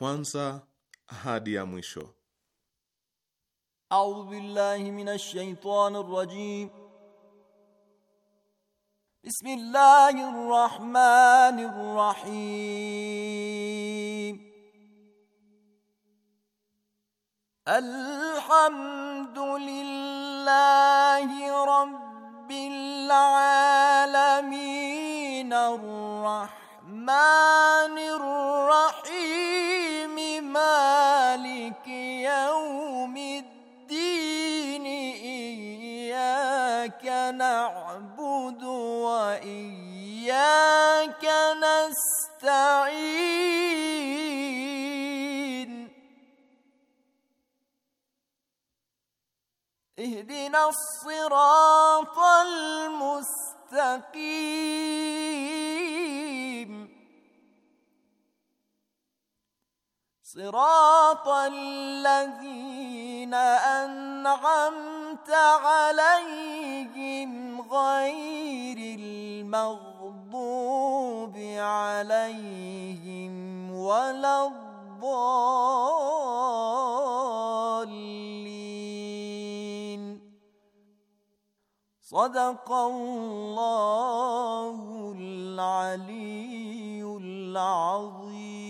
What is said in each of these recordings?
kwanza hadi ya mwisho. A'udhu billahi minash shaitanir rajim. Bismillahir rahmanir rahim. Alhamdulillahi rabbil alamin. Arrahmanir rahim. نعبد وإياك نستعين اهدنا الصراط المستقيم صراط الذين الذين أنعمت عليهم غير المغضوب عليهم ولا الضالين صدق الله العلي العظيم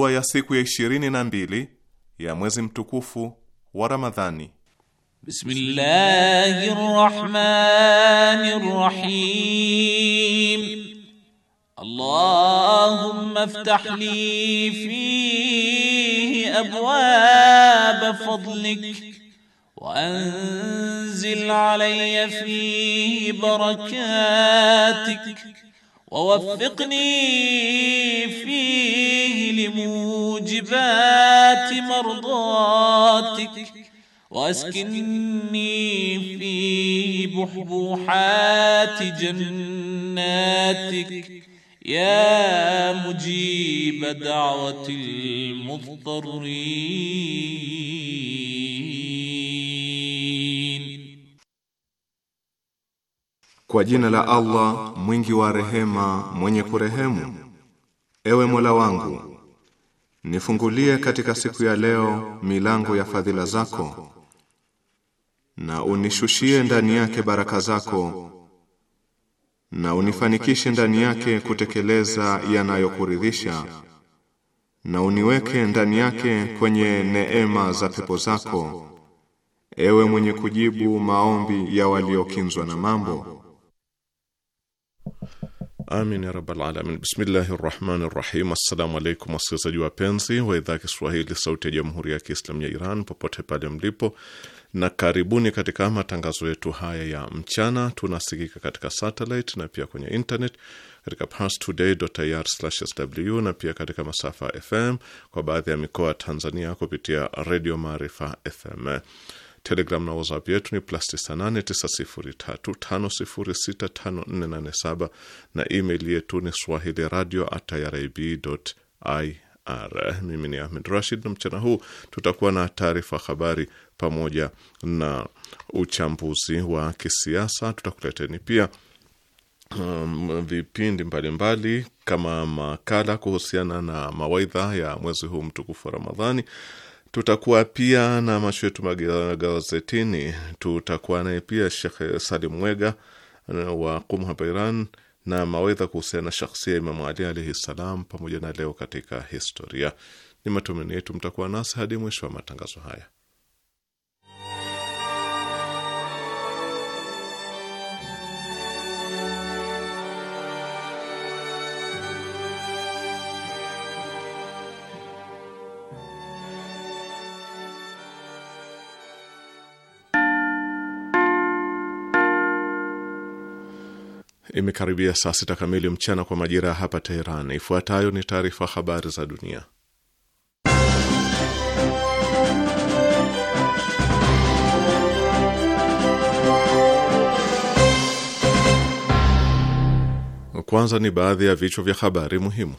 dua ya siku ya ishirini na mbili ya mwezi mtukufu wa Ramadhani. Bismillahir Rahmanir Rahim. Allahumma iftah li fihi abwab fadlik wa anzil alayya fihi barakatik ووفقني فيه لموجبات مرضاتك واسكنني فيه بحبوحات جناتك يا مجيب دعوه المضطرين Kwa jina la Allah mwingi wa rehema, mwenye kurehemu. Ewe Mola wangu, nifungulie katika siku ya leo milango ya fadhila zako na unishushie ndani yake baraka zako na unifanikishe ndani yake kutekeleza yanayokuridhisha na uniweke ndani yake kwenye neema za pepo zako, ewe mwenye kujibu maombi ya waliokinzwa na mambo. Amin ya rabbal alamin. Bismillahi rahmani rahim. Assalamu alaikum wasikilizaji wapenzi wa idhaa Kiswahili sauti ya jamhuri ya kiislam ya Iran popote pale mlipo, na karibuni katika matangazo yetu haya ya mchana. Tunasikika katika satellite na pia kwenye internet katika parstoday.ir/sw na pia katika masafa FM kwa baadhi ya mikoa ya Tanzania kupitia redio Maarifa FM. Telegram na WhatsApp yetu ni plus 989035065487 na email yetu ni swahili radio at irib.ir. Mimi ni Ahmed Rashid, na mchana huu tutakuwa na taarifa habari pamoja na uchambuzi wa kisiasa. Tutakuleteni pia Um, vipindi mbalimbali mbali, kama makala kuhusiana na mawaidha ya mwezi huu mtukufu wa Ramadhani Tutakuwa pia na macho yetu magazetini. Tutakuwa naye pia Shekh Salim Mwega eh, wa Qum hapa Iran na mawedha kuhusiana na shakhsia ya Imamu Ali alaihi ssalam, pamoja na leo katika historia. Ni matumaini yetu mtakuwa nasi hadi mwisho wa matangazo haya. Imekaribia saa sita kamili mchana kwa majira ya hapa Teheran. Ifuatayo ni taarifa habari za dunia. Kwanza ni baadhi ya vichwa vya habari muhimu.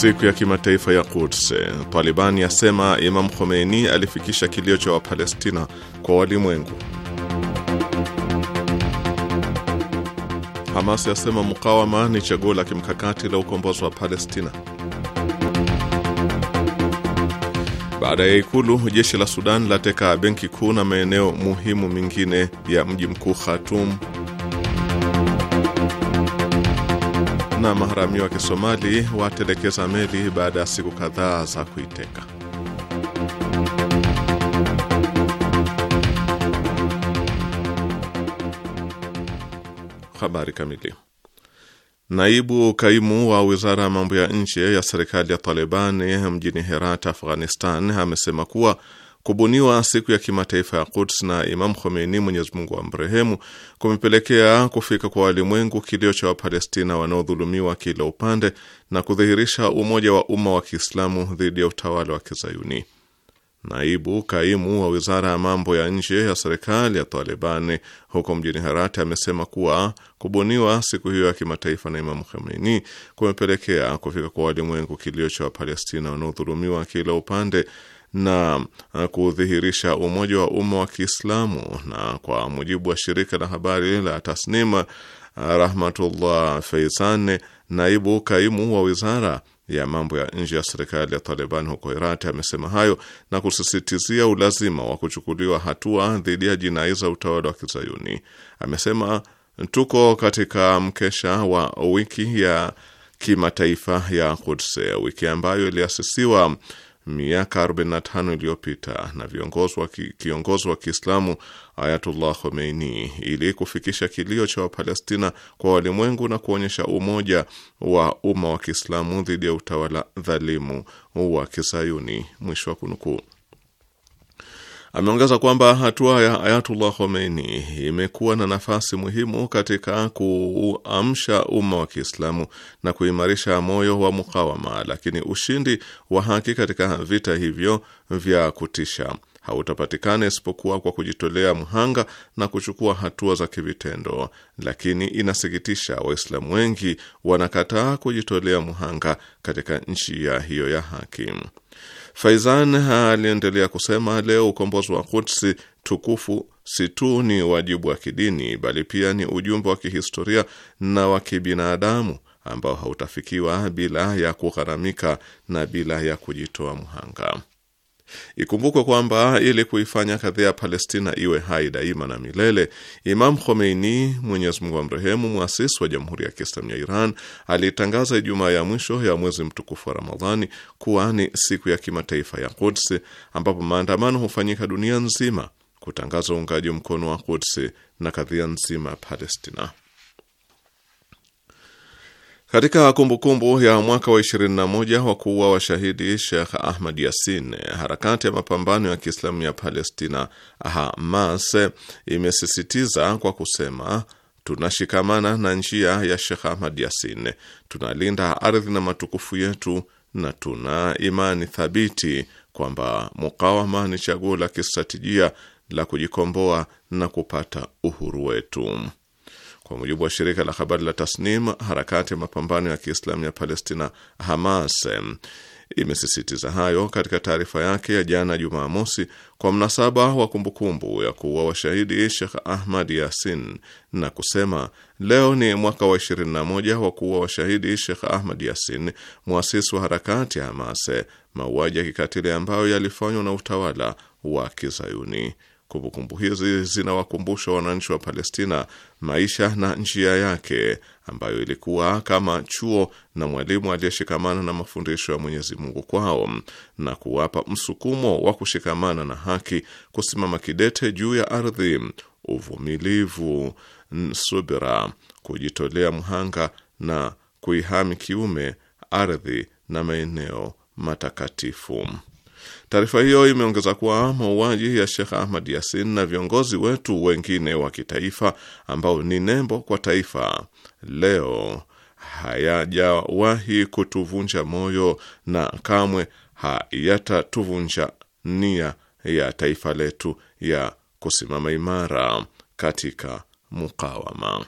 siku ya kimataifa ya Quds, Taliban yasema Imam Khomeini alifikisha kilio cha Wapalestina kwa walimwengu. Hamas yasema mukawama ni chaguo la kimkakati la ukombozi wa Palestina. Baada ya ikulu, jeshi la Sudan lateka benki kuu na maeneo muhimu mengine ya mji mkuu Khartoum na maharamia wa Kisomali watelekeza meli baada ya siku kadhaa za kuiteka. Habari kamili. Naibu kaimu wa wizara ya mambo ya nje ya serikali ya Talibani mjini Herat, Afghanistan, amesema kuwa Kubuniwa siku ya kimataifa ya Quds na Imam Khomeini, Mwenyezi Mungu amrehemu, kumepelekea kufika kwa walimwengu kilio cha Wapalestina wanaodhulumiwa kila upande na kudhihirisha umoja wa umma wa Kiislamu dhidi ya utawala wa Kizayuni. Naibu kaimu wa wizara ya mambo ya nje ya serikali ya Taliban huko mjini Herati amesema kuwa kubuniwa siku hiyo ya kimataifa na Imamu Khomeini kumepelekea kufika kwa walimwengu kilio cha Wapalestina wanaodhulumiwa kila upande na eh, kudhihirisha umoja wa umma wa Kiislamu. Na kwa mujibu wa shirika la habari la Tasnim, eh, Rahmatullah Feizan, naibu kaimu wa wizara ya mambo ya nje ya serikali ya Taliban huko Irati, amesema hayo na kusisitizia ulazima wa kuchukuliwa hatua dhidi ya jinai za utawala wa Kizayuni. Amesema tuko katika mkesha wa wiki ya kimataifa ya Quds, wiki ambayo iliasisiwa miaka 45 iliyopita na kiongozi wa Kiislamu Ayatullah Khomeini ili kufikisha kilio cha Wapalestina kwa walimwengu na kuonyesha umoja wa umma wa Kiislamu dhidi ya utawala dhalimu wa Kisayuni. Mwisho wa kunukuu. Ameongeza kwamba hatua ya Ayatullah Khomeini imekuwa na nafasi muhimu katika kuamsha umma wa Kiislamu na kuimarisha moyo wa mukawama, lakini ushindi wa haki katika vita hivyo vya kutisha hautapatikana isipokuwa kwa kujitolea mhanga na kuchukua hatua za kivitendo. Lakini inasikitisha, Waislamu wengi wanakataa kujitolea mhanga katika nchi ya hiyo ya haki. Faizan aliendelea kusema, leo ukombozi wa Kudsi tukufu si tu ni wajibu wa kidini, bali pia ni ujumbe wa kihistoria na wa kibinadamu ambao hautafikiwa bila ya kugharamika na bila ya kujitoa mhanga. Ikumbukwe kwamba ili kuifanya kadhia ya Palestina iwe hai daima na milele, Imam Khomeini, Mwenyezi Mungu amrehemu, mwasisi wa Jamhuri ya Kiislamu ya Iran, alitangaza Ijumaa ya mwisho ya mwezi mtukufu wa Ramadhani kuwa ni siku ya kimataifa ya Quds, ambapo maandamano hufanyika dunia nzima kutangaza uungaji mkono wa Quds na kadhia nzima Palestina. Katika kumbukumbu kumbu ya mwaka wa 21 wa kuua washahidi Sheikh Ahmad Yasin, harakati ya mapambano ya Kiislamu ya Palestina Hamas imesisitiza kwa kusema, tunashikamana na njia ya Sheikh Ahmad Yasin, tunalinda ardhi na matukufu yetu, na tuna imani thabiti kwamba mukawama ni chaguo la kistratejia la kujikomboa na kupata uhuru wetu. Kwa mujibu wa shirika la habari la Tasnim, harakati ya mapambano ya Kiislamu ya Palestina, Hamas, imesisitiza hayo katika taarifa yake ya jana Jumamosi kwa mnasaba wa kumbukumbu ya kuua washahidi Sheikh Ahmad Yasin na kusema leo ni mwaka wa 21 wa kuua washahidi Sheikh Ahmad Yasin, mwasisi wa harakati ya Hamas, mauaji ya kikatili ambayo yalifanywa na utawala wa Kizayuni. Kumbukumbu hizi zinawakumbusha wananchi wa Palestina maisha na njia yake ambayo ilikuwa kama chuo na mwalimu aliyeshikamana na mafundisho ya Mwenyezi Mungu kwao na kuwapa msukumo wa kushikamana na haki, kusimama kidete juu ya ardhi, uvumilivu, subira, kujitolea mhanga na kuihami kiume ardhi na maeneo matakatifu. Taarifa hiyo imeongeza kuwa mauaji ya Sheikh Ahmad Yasin na viongozi wetu wengine wa kitaifa ambao ni nembo kwa taifa leo hayajawahi kutuvunja moyo na kamwe hayatatuvunja nia ya taifa letu ya kusimama imara katika mukawama.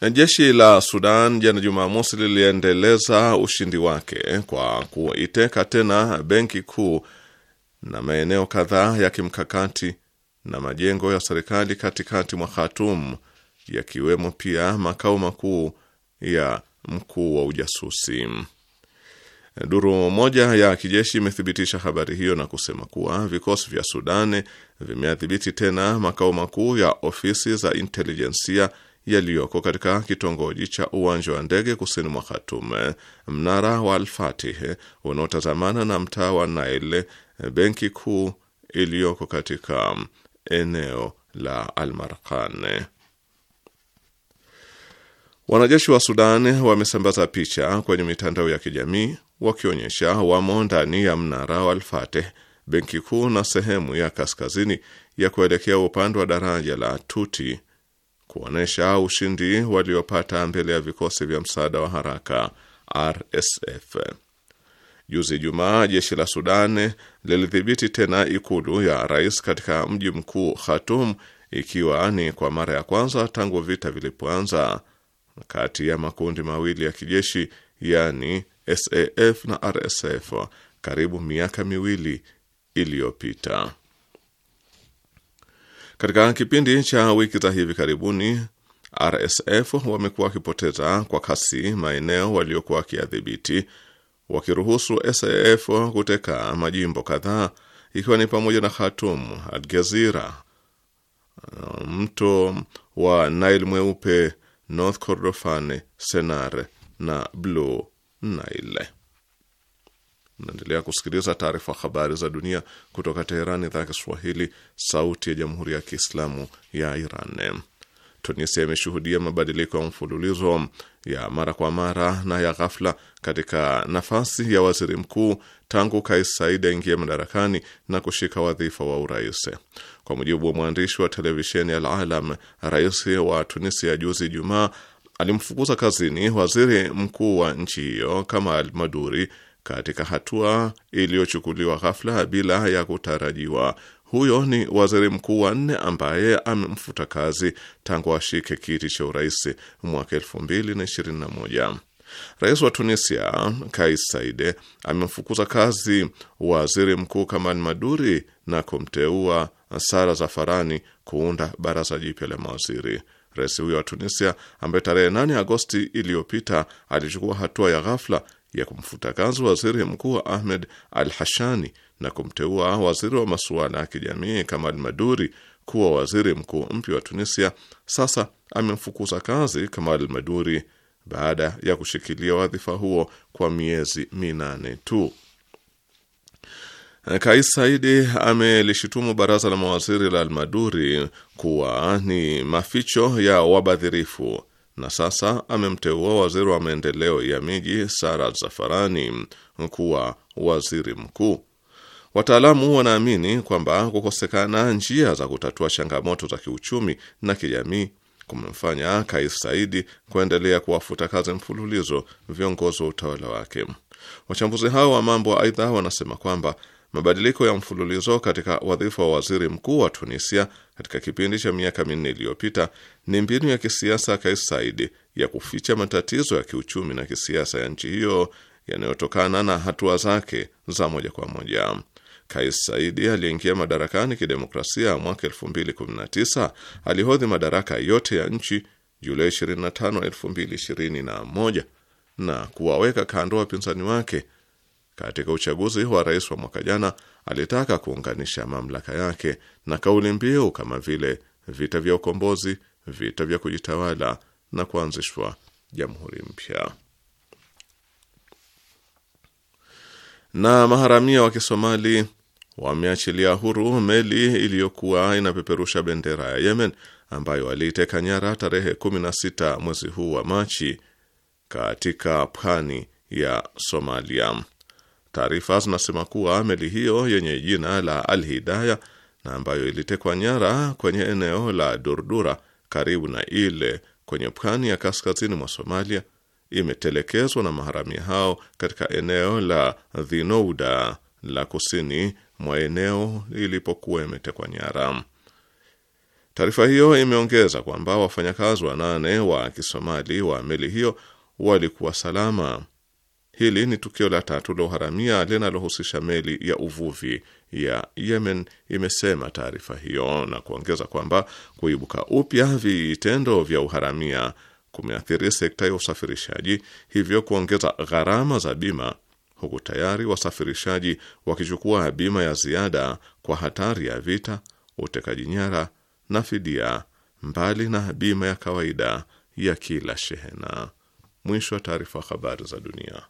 Jeshi la Sudan jana Jumamosi liliendeleza ushindi wake kwa kuiteka tena benki kuu na maeneo kadhaa ya kimkakati na majengo ya serikali katikati mwa Khartoum, yakiwemo pia makao makuu ya mkuu wa ujasusi. Duru moja ya kijeshi imethibitisha habari hiyo na kusema kuwa vikosi vya Sudan vimeadhibiti tena makao makuu ya ofisi za intelijensia yaliyoko katika kitongoji cha uwanja wa ndege kusini mwa Khartoum, mnara wa Al-Fatih unaotazamana na mtaa wa Nile, benki kuu iliyoko katika eneo la Almarkan. Wanajeshi wa Sudan wamesambaza picha kwenye mitandao ya kijamii wakionyesha wamo ndani ya mnara wa al benki kuu na sehemu ya kaskazini ya kuelekea upande wa daraja la Tuti kuonyesha ushindi waliopata mbele ya vikosi vya msaada wa haraka RSF. Juzi Jumaa, jeshi la Sudan lilidhibiti tena ikulu ya rais katika mji mkuu Khartoum, ikiwa ni kwa mara ya kwanza tangu vita vilipoanza kati ya makundi mawili ya kijeshi yani SAF na RSF karibu miaka miwili iliyopita. Katika kipindi cha wiki za hivi karibuni, RSF wamekuwa wakipoteza kwa kasi maeneo waliokuwa wakiadhibiti, wakiruhusu SAF kuteka majimbo kadhaa, ikiwa ni pamoja na Khartoum, Algezira, mto wa Nile mweupe, North Kordofan, senar na Blue Nile. Mnaendelea kusikiliza taarifa habari za dunia kutoka Teherani, idhaa ya Kiswahili, sauti ya jamhuri ya kiislamu ya Iran. Tunisia imeshuhudia mabadiliko ya mfululizo ya mara kwa mara na ya ghafla katika nafasi ya waziri mkuu tangu Kais Said aingie madarakani na kushika wadhifa wa urais. Kwa mujibu wa mwandishi wa televisheni Al Alam, rais wa Tunisia juzi Ijumaa alimfukuza kazini waziri mkuu wa nchi hiyo Kamal Maduri katika hatua iliyochukuliwa ghafla bila ya kutarajiwa. Huyo ni waziri mkuu wa nne ambaye amemfuta kazi tangu ashike kiti cha urais mwaka moja. Rais wa Tunisia Kais Saide amemfukuza kazi waziri mkuu Kamal Maduri na kumteua Sara Zafarani kuunda baraza jipya la mawaziri. Rais huyo wa Tunisia ambaye tarehe 8 Agosti iliyopita alichukua hatua ya ghafla ya kumfuta kazi waziri mkuu Ahmed Al Hashani na kumteua waziri wa masuala ya kijamii Kamal Maduri kuwa waziri mkuu mpya wa Tunisia, sasa amemfukuza kazi Kamal Maduri baada ya kushikilia wadhifa huo kwa miezi minane tu. Kais Saidi amelishutumu baraza la mawaziri la Almaduri kuwa ni maficho ya wabadhirifu na sasa amemteua waziri wa maendeleo ya miji Sara Zafarani kuwa waziri mkuu. Wataalamu wanaamini kwamba kukosekana njia za kutatua changamoto za kiuchumi na kijamii kumemfanya Kais Saidi kuendelea kuwafuta kazi mfululizo viongozi wa utawala wake. Wachambuzi hao wa mambo aidha, wanasema kwamba mabadiliko ya mfululizo katika wadhifa wa waziri mkuu wa Tunisia katika kipindi cha miaka minne iliyopita ni mbinu ya kisiasa ya Kais Saidi ya kuficha matatizo ya kiuchumi na kisiasa ya nchi hiyo yanayotokana na hatua zake za moja kwa moja. Kais Saidi aliyeingia madarakani kidemokrasia mwaka 2019 alihodhi madaraka yote ya nchi Julai 25, 2021 na kuwaweka kando wapinzani wake. Katika uchaguzi wa rais wa mwaka jana, alitaka kuunganisha mamlaka yake na kauli mbiu kama vile vita vya ukombozi, vita vya kujitawala na kuanzishwa jamhuri mpya. Na maharamia wa Kisomali wameachilia huru meli iliyokuwa inapeperusha bendera ya Yemen ambayo waliiteka nyara tarehe 16 mwezi huu wa Machi katika pwani ya Somalia. Taarifa zinasema kuwa meli hiyo yenye jina la Al Hidaya na ambayo ilitekwa nyara kwenye eneo la Durdura karibu na ile kwenye pwani ya kaskazini mwa Somalia imetelekezwa na maharamia hao katika eneo la Dhinouda la kusini mwa eneo ilipokuwa imetekwa nyara. Taarifa hiyo imeongeza kwamba wafanyakazi wanane wa Kisomali wa meli hiyo walikuwa salama. Hili ni tukio la tatu la uharamia linalohusisha meli ya uvuvi ya Yemen imesema taarifa hiyo na kuongeza kwamba kuibuka upya vitendo vya uharamia kumeathiri sekta ya usafirishaji, hivyo kuongeza gharama za bima, huku tayari wasafirishaji wakichukua bima ya ziada kwa hatari ya vita, utekaji nyara na fidia, mbali na bima ya kawaida ya kila shehena. Mwisho wa taarifa. Habari za dunia.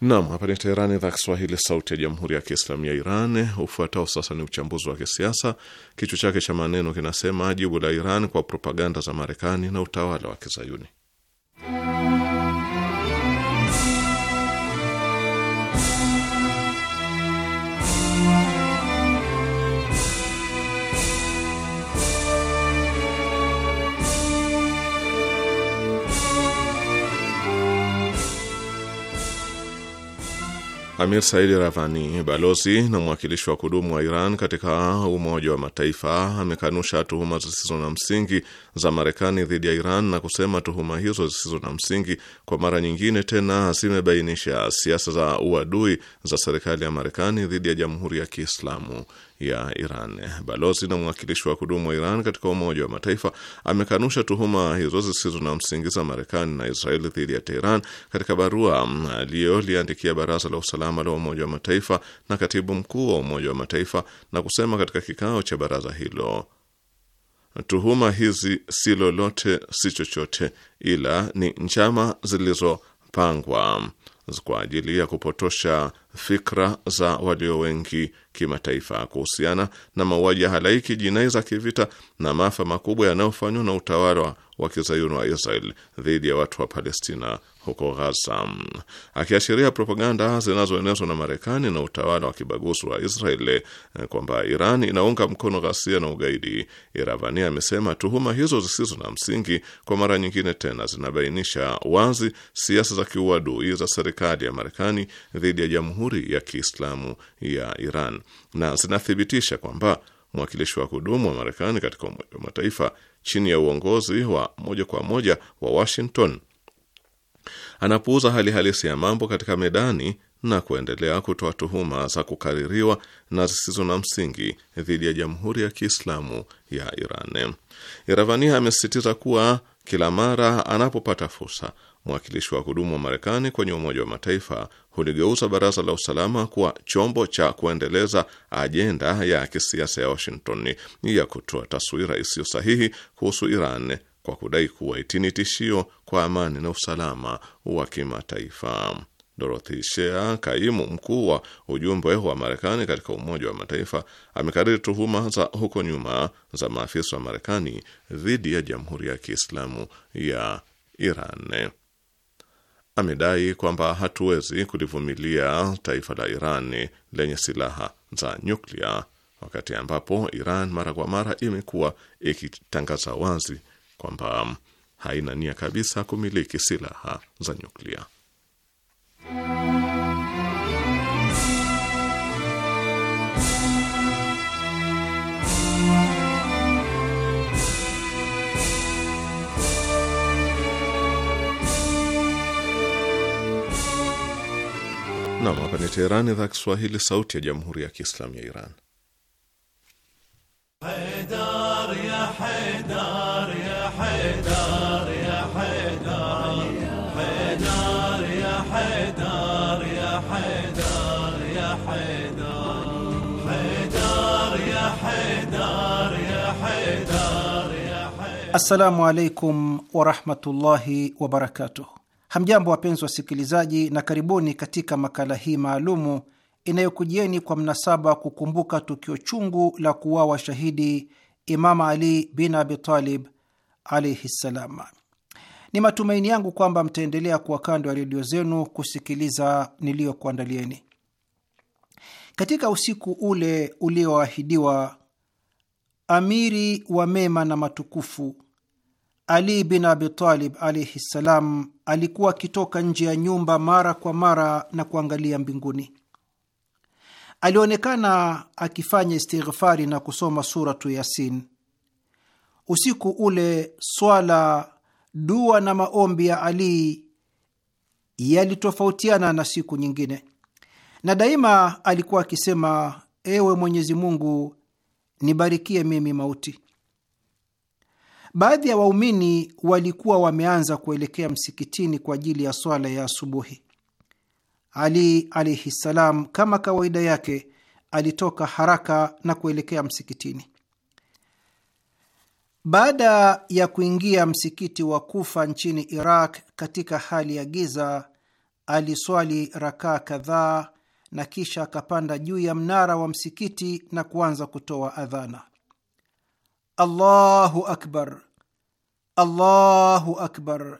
Nam, hapa ni Teherani, idhaa Kiswahili, sauti ya jamhuri ya kiislamu ya Iran. Ufuatao sasa ni uchambuzi wa kisiasa, kichwa chake cha maneno kinasema: jibu la Iran kwa propaganda za Marekani na utawala wa Kizayuni. Amir Saidi Ravani, balozi na mwakilishi wa kudumu wa Iran katika Umoja wa Mataifa, amekanusha tuhuma zisizo na msingi za Marekani dhidi ya Iran na kusema tuhuma hizo zisizo na msingi kwa mara nyingine tena zimebainisha siasa za uadui za serikali ya Marekani dhidi ya Jamhuri ya Kiislamu ya Iran. Balozi na mwakilishi wa kudumu wa Iran katika Umoja wa Mataifa amekanusha tuhuma hizo zisizo na msingi za Marekani na Israeli dhidi ya Teheran katika barua aliyoliandikia Baraza la Usalama la Umoja wa Mataifa na katibu mkuu wa Umoja wa Mataifa na kusema katika kikao cha baraza hilo tuhuma hizi si lolote si chochote, ila ni njama zilizopangwa kwa ajili ya kupotosha fikra za walio wengi kimataifa kuhusiana na mauaji ya halaiki, jinai za kivita na maafa makubwa yanayofanywa na utawala wa kizayuni wa Israel dhidi ya watu wa Palestina huko Ghaza, akiashiria propaganda zinazoenezwa na Marekani na utawala wa kibaguzi wa Israel eh, kwamba Iran inaunga mkono ghasia na ugaidi. Iravani amesema tuhuma hizo zisizo na msingi kwa mara nyingine tena zinabainisha wazi siasa za kiuadui za serikali ya Marekani dhidi ya jamhuri Jamhuri ya Kiislamu ya Iran na zinathibitisha kwamba mwakilishi wa kudumu wa Marekani katika Umoja wa Mataifa chini ya uongozi wa moja kwa moja wa Washington anapuuza hali halisi ya mambo katika medani na kuendelea kutoa tuhuma za kukaririwa na zisizo na msingi dhidi ya Jamhuri ya Kiislamu ya Iran. Iravani amesisitiza kuwa kila mara anapopata fursa mwakilishi wa kudumu wa Marekani kwenye Umoja wa Mataifa huligeuza Baraza la Usalama kuwa chombo cha kuendeleza ajenda ya kisiasa ya Washington ya kutoa taswira isiyo sahihi kuhusu Iran kwa kudai kuwa itini ni tishio kwa amani na usalama wa kimataifa. Dorothy Shea, kaimu mkuu wa ujumbe wa Marekani katika Umoja wa Mataifa, amekariri tuhuma za huko nyuma za maafisa wa Marekani dhidi ya Jamhuri ya Kiislamu ya Iran amedai kwamba hatuwezi kulivumilia taifa la Iran lenye silaha za nyuklia, wakati ambapo Iran mara kwa mara imekuwa ikitangaza wazi kwamba haina nia kabisa kumiliki silaha za nyuklia. Nam, hapa ni Teherani, idhaa Kiswahili, sauti ya jamhuri ya kiislamu ya Iran. Haidar ya Haidar ya Haidar ya Haidar Haidar ya Haidar ya Haidar ya Haidar Haidar ya Haidar ya Haidar ya Haidar. Assalamu alaikum warahmatullahi wabarakatuh. Hamjambo, wapenzi wasikilizaji, na karibuni katika makala hii maalumu inayokujieni kwa mnasaba kukumbuka tukio chungu la kuuawa shahidi Imam Ali bin Abi Talib alaihi ssalam. Ni matumaini yangu kwamba mtaendelea kuwa kando ya redio zenu kusikiliza niliyokuandalieni katika usiku ule ulioahidiwa. Amiri wa mema na matukufu ali bin Abitalib alaihi ssalam alikuwa akitoka nje ya nyumba mara kwa mara na kuangalia mbinguni. Alionekana akifanya istighfari na kusoma Suratu Yasin. Usiku ule swala, dua na maombi ya Ali yalitofautiana na siku nyingine, na daima alikuwa akisema: ewe Mwenyezi Mungu, nibarikie mimi mauti Baadhi ya waumini walikuwa wameanza kuelekea msikitini kwa ajili ya swala ya asubuhi. Ali alaihi ssalam, kama kawaida yake, alitoka haraka na kuelekea msikitini. Baada ya kuingia msikiti wa Kufa nchini Iraq katika hali ya giza, aliswali rakaa kadhaa na kisha akapanda juu ya mnara wa msikiti na kuanza kutoa adhana. Allahu akbar, Allahu akbar,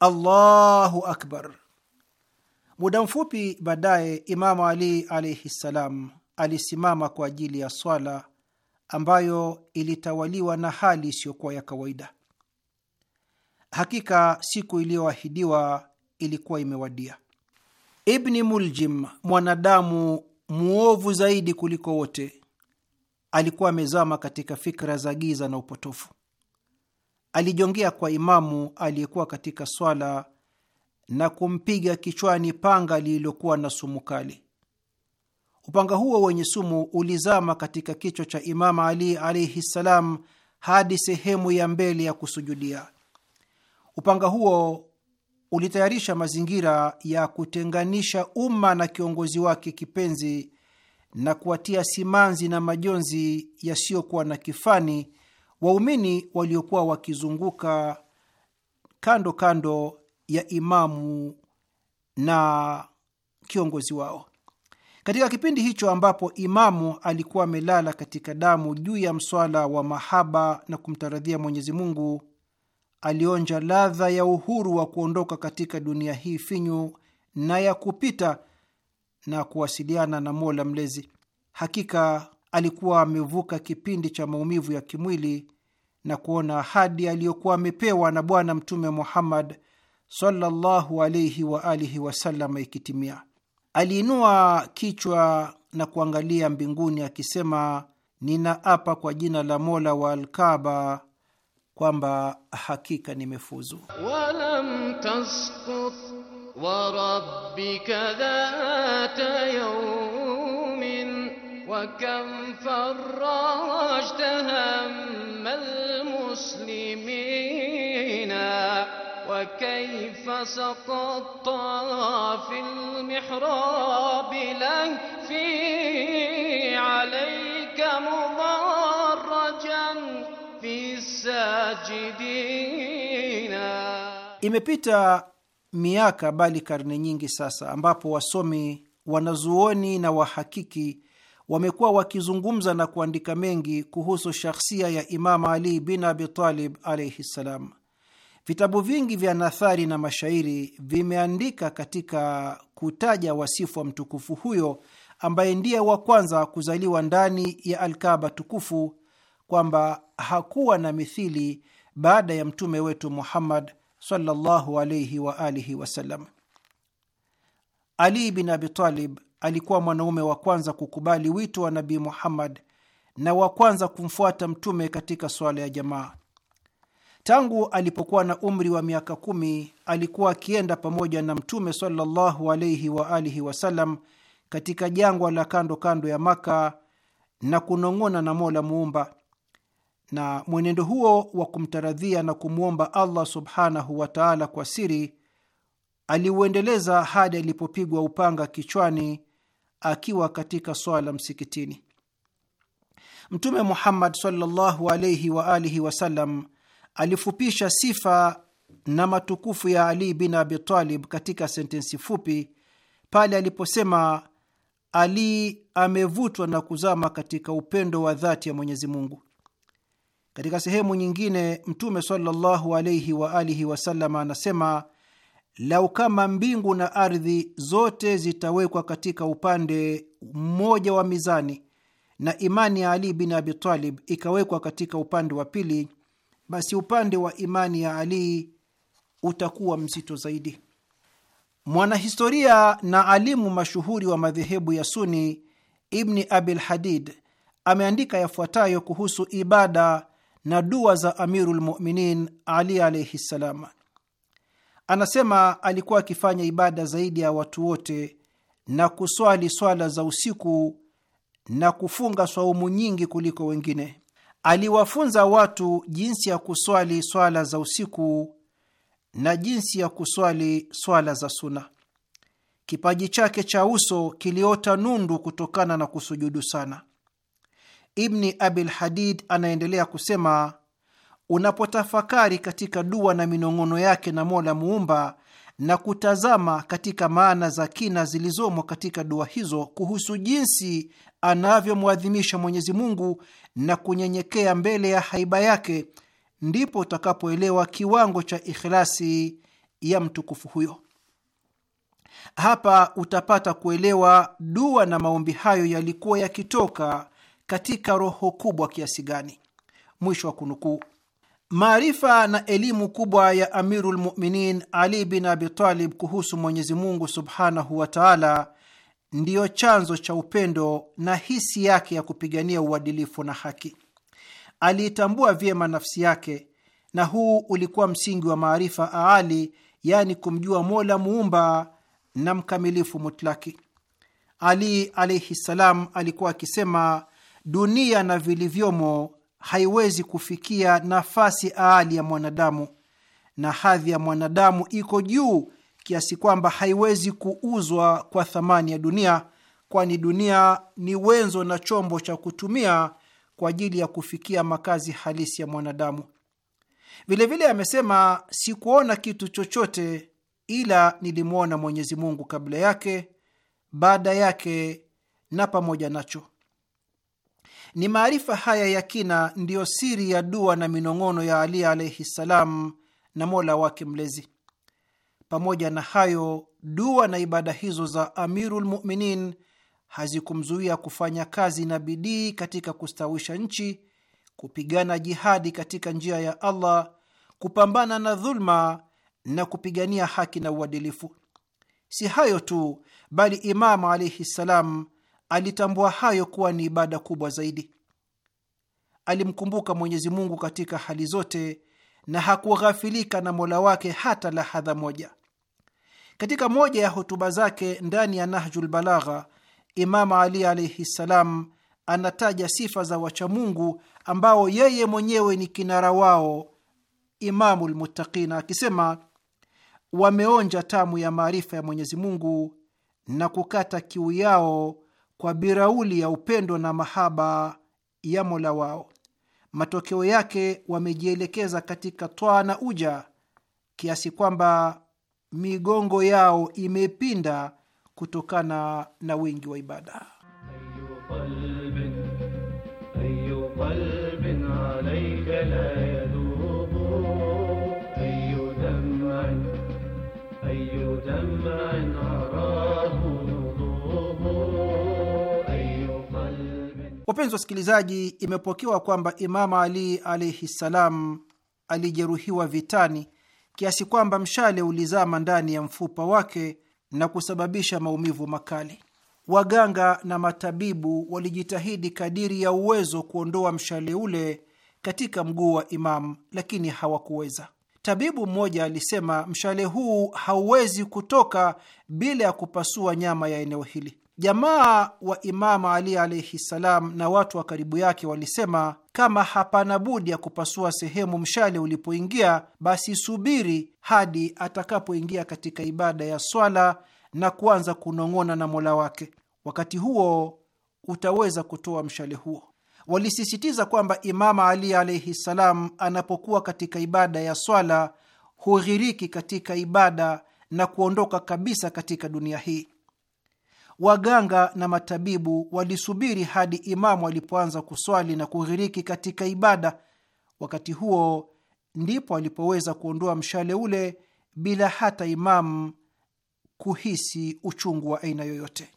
Allahu akbar. Muda mfupi baadaye, Imamu Ali alaihi ssalam alisimama kwa ajili ya swala ambayo ilitawaliwa na hali isiyokuwa ya kawaida. Hakika siku iliyoahidiwa ilikuwa imewadia. Ibni Muljim, mwanadamu mwovu zaidi kuliko wote, alikuwa amezama katika fikra za giza na upotofu. Alijongea kwa imamu aliyekuwa katika swala na kumpiga kichwani panga lililokuwa na sumu kali. Upanga huo wenye sumu ulizama katika kichwa cha Imamu Ali alaihi ssalam hadi sehemu ya mbele ya kusujudia. Upanga huo ulitayarisha mazingira ya kutenganisha umma na kiongozi wake kipenzi na kuwatia simanzi na majonzi yasiyokuwa na kifani waumini waliokuwa wakizunguka kando kando ya imamu na kiongozi wao. Katika kipindi hicho ambapo imamu alikuwa amelala katika damu juu ya mswala wa mahaba na kumtaradhia Mwenyezi Mungu, alionja ladha ya uhuru wa kuondoka katika dunia hii finyu na ya kupita na kuwasiliana na Mola Mlezi. Hakika alikuwa amevuka kipindi cha maumivu ya kimwili na kuona ahadi aliyokuwa amepewa na Bwana Mtume Muhammad sallallahu wa alihi wasallam ikitimia. Aliinua kichwa na kuangalia mbinguni akisema, ninaapa kwa jina la Mola wa Alkaba kwamba hakika nimefuzu. Walam tasqut وربك ذات يوم وكم فرجت هم المسلمين وكيف سقطت في المحراب له في عليك مضرجا في الساجدين imepita miaka bali karne nyingi sasa, ambapo wasomi, wanazuoni na wahakiki wamekuwa wakizungumza na kuandika mengi kuhusu shakhsia ya Imam Ali bin Abi Talib alaihi ssalam. Vitabu vingi vya nathari na mashairi vimeandika katika kutaja wasifu wa mtukufu huyo ambaye ndiye wa kwanza kuzaliwa ndani ya Alkaba tukufu kwamba hakuwa na mithili baada ya mtume wetu Muhammad sallallahu alayhi wa alihi wasallam. Ali bin Abi Talib alikuwa mwanaume wa kwanza kukubali wito wa Nabii Muhammad na wa kwanza kumfuata Mtume katika swala ya jamaa. Tangu alipokuwa na umri wa miaka kumi alikuwa akienda pamoja na Mtume sallallahu alayhi wa alihi wasallam katika jangwa la kando kando ya Maka na kunong'ona na Mola Muumba na mwenendo huo wa kumtaradhia na kumwomba Allah subhanahu wa taala kwa siri aliuendeleza hadi alipopigwa upanga kichwani akiwa katika swala msikitini. Mtume Muhammad sallallahu alaihi wa alihi wasallam alifupisha sifa na matukufu ya Ali bin Abi Talib katika sentensi fupi pale aliposema, Ali amevutwa na kuzama katika upendo wa dhati ya Mwenyezi Mungu. Katika sehemu nyingine Mtume sallallahu alaihi alihi wasallam anasema, lau kama mbingu na ardhi zote zitawekwa katika upande mmoja wa mizani na imani ya Ali bin Abi Talib ikawekwa katika upande wa pili, basi upande wa imani ya Ali utakuwa mzito zaidi. Mwanahistoria na alimu mashuhuri wa madhehebu ya Suni Ibni Abil Hadid ameandika yafuatayo kuhusu ibada na dua za amirulmuminin Ali alaihi ssalam. Anasema alikuwa akifanya ibada zaidi ya watu wote na kuswali swala za usiku na kufunga swaumu nyingi kuliko wengine. Aliwafunza watu jinsi ya kuswali swala za usiku na jinsi ya kuswali swala za suna. Kipaji chake cha uso kiliota nundu kutokana na kusujudu sana. Ibni Abil Hadid anaendelea kusema, unapotafakari katika dua na minong'ono yake na Mola Muumba na kutazama katika maana za kina zilizomo katika dua hizo kuhusu jinsi anavyomwadhimisha Mwenyezi Mungu na kunyenyekea mbele ya haiba yake, ndipo utakapoelewa kiwango cha ikhlasi ya mtukufu huyo. Hapa utapata kuelewa dua na maombi hayo yalikuwa yakitoka katika roho kubwa kiasi gani. Mwisho wa kunukuu. Maarifa na elimu kubwa ya Amirul Muminin Ali bin Abitalib kuhusu Mwenyezi Mungu subhanahu wa taala ndiyo chanzo cha upendo na hisi yake ya kupigania uadilifu na haki. Aliitambua vyema nafsi yake, na huu ulikuwa msingi wa maarifa aali, yaani kumjua Mola muumba na mkamilifu mutlaki. Ali alaihi ssalam alikuwa akisema dunia na vilivyomo haiwezi kufikia nafasi aali ya mwanadamu, na hadhi ya mwanadamu iko juu kiasi kwamba haiwezi kuuzwa kwa thamani ya dunia, kwani dunia ni wenzo na chombo cha kutumia kwa ajili ya kufikia makazi halisi ya mwanadamu. Vilevile vile amesema, sikuona kitu chochote ila nilimwona Mwenyezi Mungu kabla yake, baada yake na pamoja nacho. Ni maarifa haya ya kina ndiyo siri ya dua na minong'ono ya Ali alaihi ssalam na mola wake mlezi. Pamoja na hayo, dua na ibada hizo za amirulmuminin hazikumzuia kufanya kazi na bidii katika kustawisha nchi, kupigana jihadi katika njia ya Allah, kupambana na dhulma na kupigania haki na uadilifu. Si hayo tu, bali Imamu alaihi ssalam alitambua hayo kuwa ni ibada kubwa zaidi. Alimkumbuka Mwenyezi Mungu katika hali zote na hakughafilika na mola wake hata lahadha moja. Katika moja ya hotuba zake ndani ya Nahjul Balagha, Imamu Ali alaihi ssalam anataja sifa za wachamungu ambao yeye mwenyewe ni kinara wao, Imamu lmuttaqina, akisema wameonja tamu ya maarifa ya Mwenyezi Mungu na kukata kiu yao kwa birauli ya upendo na mahaba ya Mola wao. Matokeo yake wamejielekeza katika twaa na uja kiasi kwamba migongo yao imepinda kutokana na wingi wa ibada. Wapenzi wasikilizaji, imepokewa kwamba Imamu Ali alaihi ssalam alijeruhiwa vitani kiasi kwamba mshale ulizama ndani ya mfupa wake na kusababisha maumivu makali. Waganga na matabibu walijitahidi kadiri ya uwezo kuondoa mshale ule katika mguu wa Imamu, lakini hawakuweza. Tabibu mmoja alisema, mshale huu hauwezi kutoka bila ya kupasua nyama ya eneo hili. Jamaa wa Imamu Ali alaihi ssalam na watu wa karibu yake walisema, kama hapana budi ya kupasua sehemu mshale ulipoingia, basi subiri hadi atakapoingia katika ibada ya swala na kuanza kunong'ona na Mola wake. Wakati huo utaweza kutoa mshale huo. Walisisitiza kwamba Imamu Ali alaihi ssalam anapokuwa katika ibada ya swala hughiriki katika ibada na kuondoka kabisa katika dunia hii waganga na matabibu walisubiri hadi imamu alipoanza kuswali na kughiriki katika ibada. Wakati huo ndipo alipoweza kuondoa mshale ule bila hata imamu kuhisi uchungu wa aina yoyote.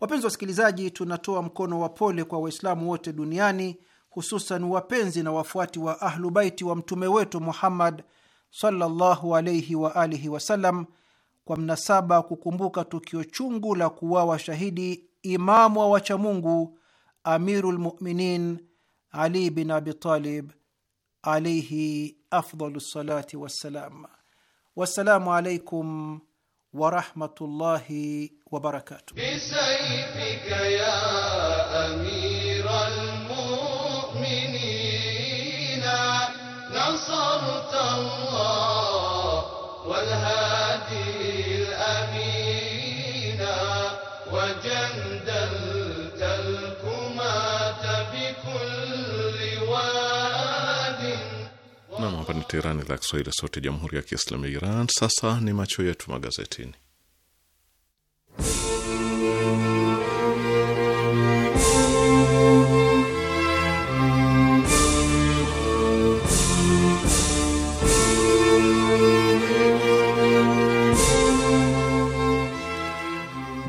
Wapenzi wasikilizaji, tunatoa mkono wa pole kwa Waislamu wote duniani, hususan wapenzi na wafuati wa Ahlubaiti wa mtume wetu Muhammad sallallahu alaihi wa alihi wasallam kwa mnasaba kukumbuka tukio chungu la kuwawa shahidi imamu wa wachamungu Amirul Muminin Ali bin Abitalib alaihi afdalu salati wassalam. Wassalamu alaikum warahmatullahi wabarakatuh. Nasarta Allah walhaa Salaam hapa ni Teherani, idhaa ya Kiswahili, sauti ya jamhuri ya kiislamu ya Iran. Sasa ni macho yetu magazetini.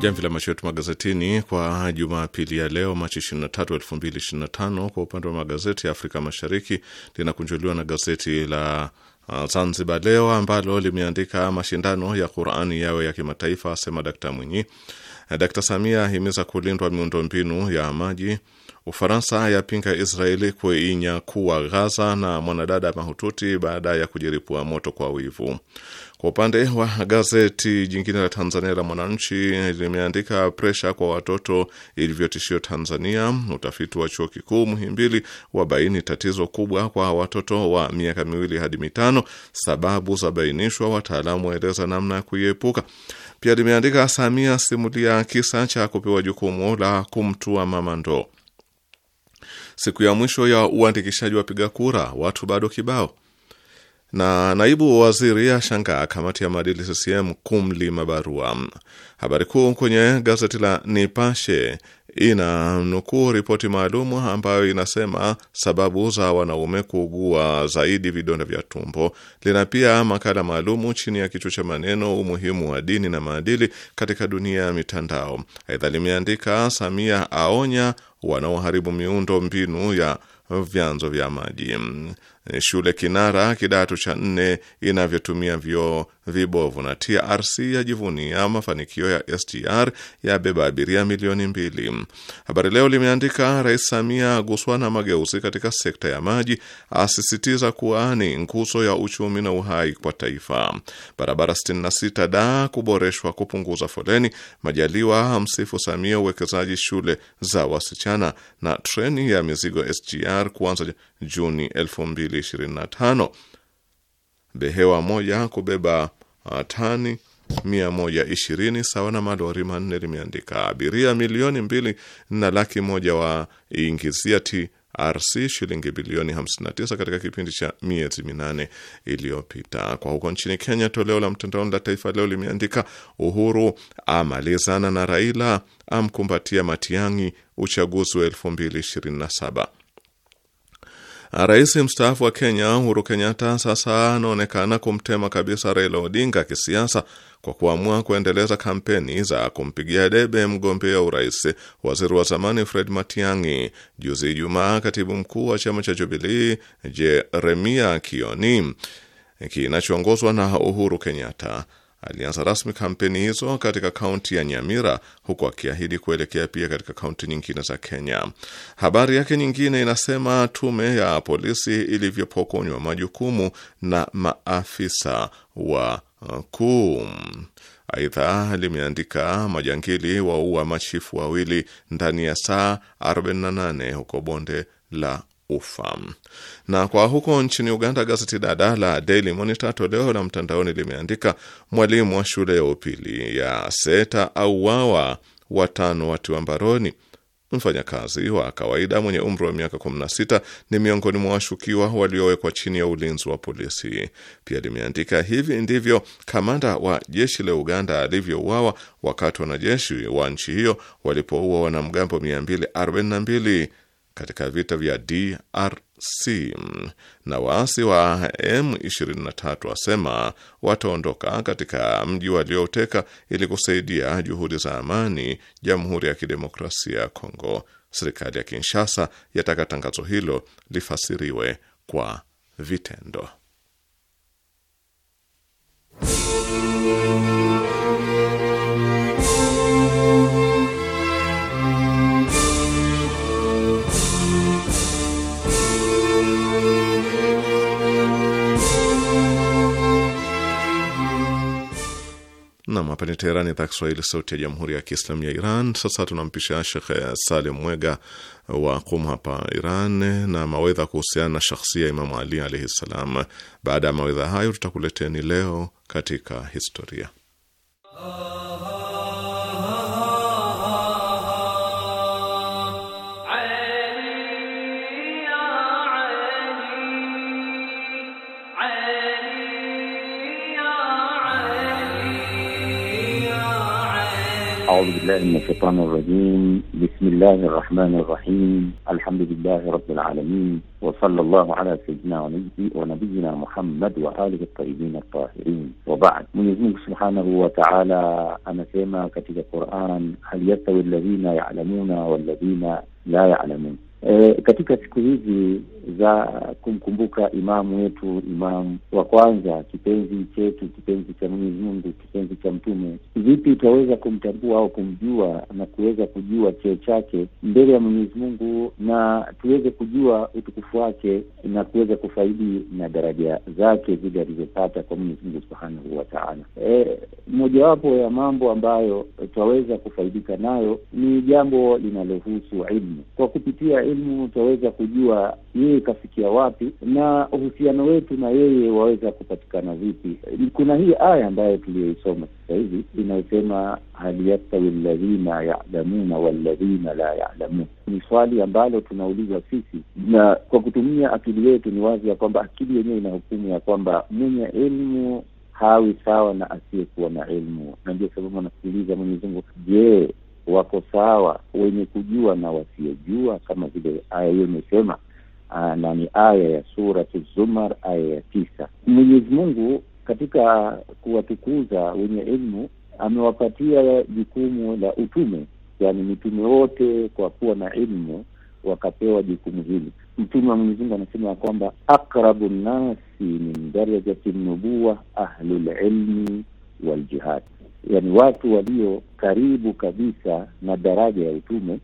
jamvi la macho yetu magazetini kwa Jumapili ya leo Machi 23, 2025. Kwa upande wa magazeti ya Afrika Mashariki linakunjuliwa na gazeti la uh, Zanzibar Leo ambalo limeandika mashindano ya Qurani yawe ya kimataifa, asema Dkt Mwinyi. Dkt Samia ahimiza kulindwa miundombinu ya maji. Ufaransa yapinga Israeli kuinyakua Gaza, na mwanadada mahututi baada ya kujiripua moto kwa wivu. Kwa upande wa gazeti jingine la Tanzania la Mwananchi limeandika presha kwa watoto ilivyotishio Tanzania. Utafiti wa chuo kikuu Muhimbili wabaini tatizo kubwa kwa watoto wa miaka miwili hadi mitano. Sababu za bainishwa, wataalamu waeleza namna ya kuiepuka. Pia limeandika Samia simulia kisa cha kupewa jukumu la kumtua mama ndoo. Siku ya mwisho ya uandikishaji wapiga kura, watu bado kibao na naibu waziri ashangaa kamati ya maadili CCM kumlima barua. Habari kuu kwenye gazeti la Nipashe ina nukuu ripoti maalum ambayo inasema sababu za wanaume kuugua zaidi vidonda vya tumbo. Lina pia makala maalumu chini ya kichwa cha maneno umuhimu wa dini na maadili katika dunia ya mitandao. Aidha limeandika Samia aonya wanaoharibu miundo mbinu ya vyanzo vya maji. Eh, shule kinara kidato cha nne inavyotumia vyoo vibovu, na TRC yajivunia mafanikio ya SGR ya beba abiria milioni mbili. Habari Leo limeandika Rais Samia guswa na mageuzi katika sekta ya maji, asisitiza kuwa ni nguzo ya uchumi na uhai kwa taifa. Barabara 66 da kuboreshwa kupunguza foleni. Majaliwa msifu Samia uwekezaji shule za wasichana, na treni ya mizigo SGR kuanza Juni 2025. Behewa moja kubeba uh, tani 120 sawa na malori manne limeandika abiria milioni mbili na laki moja wa ingizia TRC shilingi bilioni 59 katika kipindi cha miezi minane iliyopita. Kwa huko nchini Kenya, toleo la mtandaoni la Taifa Leo limeandika Uhuru amalizana na Raila amkumbatia Matiang'i uchaguzi wa 2027. Rais mstaafu wa Kenya Uhuru Kenyatta sasa anaonekana kumtema kabisa Raila Odinga kisiasa kwa kuamua kuendeleza kampeni za kumpigia debe mgombea urais waziri wa zamani Fred Matiang'i. Juzi Ijumaa, katibu mkuu wa chama cha Jubilii Jeremia Kioni kinachoongozwa na Uhuru Kenyatta Alianza rasmi kampeni hizo katika kaunti ya Nyamira, huku akiahidi kuelekea pia katika kaunti nyingine za Kenya. Habari yake nyingine inasema tume ya polisi ilivyopokonywa majukumu na maafisa wa uh, kuu Aidha, limeandika majangili waua machifu wawili ndani ya saa 48 huko bonde la ufa. Na kwa huko nchini Uganda, gazeti dada la Daily Monitor toleo la mtandaoni limeandika mwalimu wa shule ya upili ya Seta auawa, watano watiwa mbaroni. Mfanyakazi wa kawaida mwenye umri wa miaka 16 ni miongoni mwa washukiwa waliowekwa chini ya ulinzi wa polisi. Pia limeandika hivi ndivyo kamanda wa jeshi la Uganda alivyouawa wakati wanajeshi wa nchi hiyo walipoua wanamgambo 242 katika vita vya DRC na waasi wa M23 wasema wataondoka katika mji walioteka ili kusaidia juhudi za amani Jamhuri ya Kidemokrasia ya Kongo. Serikali ya Kinshasa yataka tangazo hilo lifasiriwe kwa vitendo. Nam, hapa ni Teherani, idhaa Kiswahili, sauti ya jamhuri ya kiislamu ya Iran. Sasa tunampisha shekhe Salim Mwega wa Qum hapa Iran na mawedha kuhusiana na shakhsia Imamu Ali alaihi ssalam. Baada ya mawedha hayo, tutakuleteni leo katika historia. أعوذ بالله من الشيطان الرجيم بسم الله الرحمن الرحيم الحمد لله رب العالمين وصلى الله على سيدنا ونبينا محمد وآله الطيبين الطاهرين وبعد من يزمه سبحانه وتعالى سيما كتب القرآن هل يستوي الذين يعلمون والذين لا يعلمون E, katika siku hizi za kumkumbuka imamu wetu, imamu wa kwanza, kipenzi chetu, kipenzi cha Mwenyezi Mungu, kipenzi cha Mtume, vipi twaweza kumtambua au kumjua na kuweza kujua cheo chake mbele ya Mwenyezi Mungu na tuweze kujua utukufu wake na kuweza kufaidi na daraja zake zile alizopata kwa Mwenyezi Mungu Subhanahu wa Ta'ala. E, mojawapo ya mambo ambayo twaweza kufaidika nayo ni jambo linalohusu ilmu kwa kupitia elimu utaweza kujua yeye kafikia wapi na uhusiano wetu na yeye waweza kupatikana vipi. Kuna hii aya ambayo tuliyoisoma sasa hivi inayosema hal yastawi lladhina yalamuna walladhina la yalamun. Ni swali ambalo tunaulizwa sisi, na kwa kutumia akili yetu ni wazi ya kwamba akili yenyewe ina hukumu ya kwamba mwenye elimu hawi sawa na asiyekuwa na elimu, na ndio sababu anasikiliza Mwenyezi Mungu, je wako sawa, wenye kujua na wasiojua, kama vile aya hiyo imesema, ah, na ni aya ya Suratu Zumar aya ya tisa. Mwenyezi Mungu katika kuwatukuza wenye ilmu amewapatia jukumu la utume, yani mitume wote kwa kuwa na ilmu wakapewa jukumu hili. Mtume wa Mwenyezi Mungu anasema ya kwamba aqrabu nnasi min darajati nubuwa ahlulilmi waljihadi yani watu walio karibu kabisa na daraja ya utume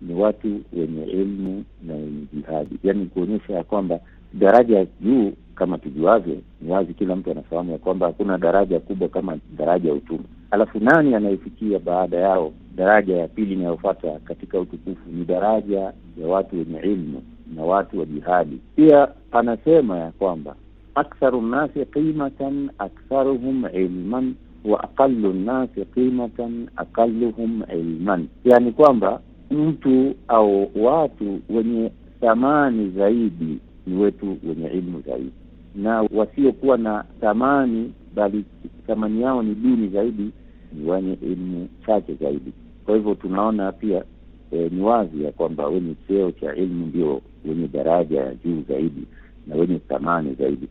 ni watu wenye elmu na wenye jihadi, yani kuonyesha ya kwamba daraja juu kama tujuavyo, ni wazi kila mtu anafahamu ya kwamba hakuna daraja kubwa kama daraja ya utume. Alafu nani anayefikia baada yao? Daraja ya pili inayofuata katika utukufu ni daraja ya watu wenye ilmu na watu wa jihadi. Pia anasema ya kwamba aktharu nnasi qimatan aktharuhum ilman wa aqallu nnasi qimatan aqalluhum ilman, yani kwamba mtu au watu wenye thamani zaidi ni wetu wenye ilmu zaidi, na wasiokuwa na thamani bali thamani yao ni duni zaidi ni wenye ilmu chache zaidi. Kwa hivyo tunaona pia e, ni wazi ya kwamba wenye cheo cha ilmu ndio wenye daraja ya juu zaidi na wenye thamani zaidi.